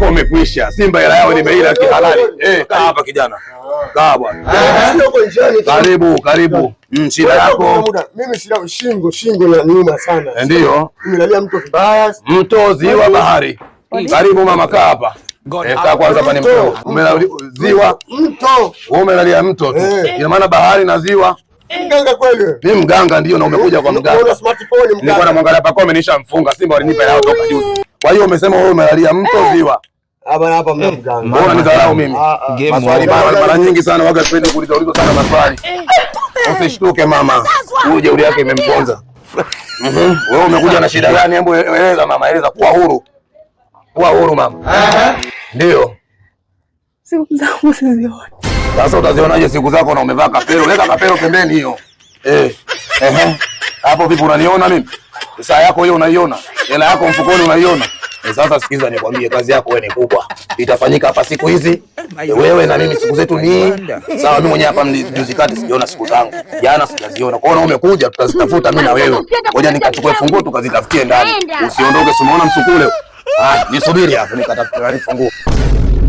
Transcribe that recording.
wako umekwisha. Simba hela yao nimeila kihalali. Eh, kaa hapa kijana. Ah. Kaa bwana. Ah, ah, karibu, karibu. Mm, shida yako. Mimi shida shingo, shingo na nyuma sana. Eh, ndio. Nilalia mto kibaya. Mto ziwa bahari. Karibu mama, kaa hapa. Eh, kaa kwanza pani mto. Ziwa. Mto. Wewe umelalia mto tu. Eh. Ina maana bahari na ziwa. Mganga kweli? Ni mganga ndio na umekuja kwa mganga. Una smartphone mganga. Nilikuwa namwangalia Pacome mfunga. Simba walinipa hela toka juu. Kwa hiyo umesema wewe umelalia mto ziwa. Hapa hapa mnamganga. Eh, mbona nidharau mimi? Maswali mara nyingi sana waga sipendi kuuliza ulizo sana maswali. Eh, eh, Usishtuke mama. Huyu jeuri yake imemponza. Mhm. Wewe umekuja na shida gani? Hebu e- eleza mama, eleza kuwa huru. Kuwa huru mama. Aha. Ndio. Siku zangu sizioni. Sasa utazionaje siku zako na umevaa kapelo? Leta kapelo pembeni hiyo. Eh. Eh. Hapo vipi unaniona mimi? Saa yako hiyo unaiona? Hela yako mfukoni unaiona? Eh, sasa sikiza nikwambie, kazi yako wewe ni kubwa, itafanyika hapa siku hizi. Wewe na mimi siku zetu ni sawa. Mimi mwenyewe hapa juzi kati sijaona siku zangu, jana sijaziona. Kwa hiyo umekuja, tutazitafuta mimi na wewe. Ngoja nikachukue funguo, tukazitafutie ndani. Usiondoke, Simuona msukule? Ah, nisubiri hapo nikatafuta funguo.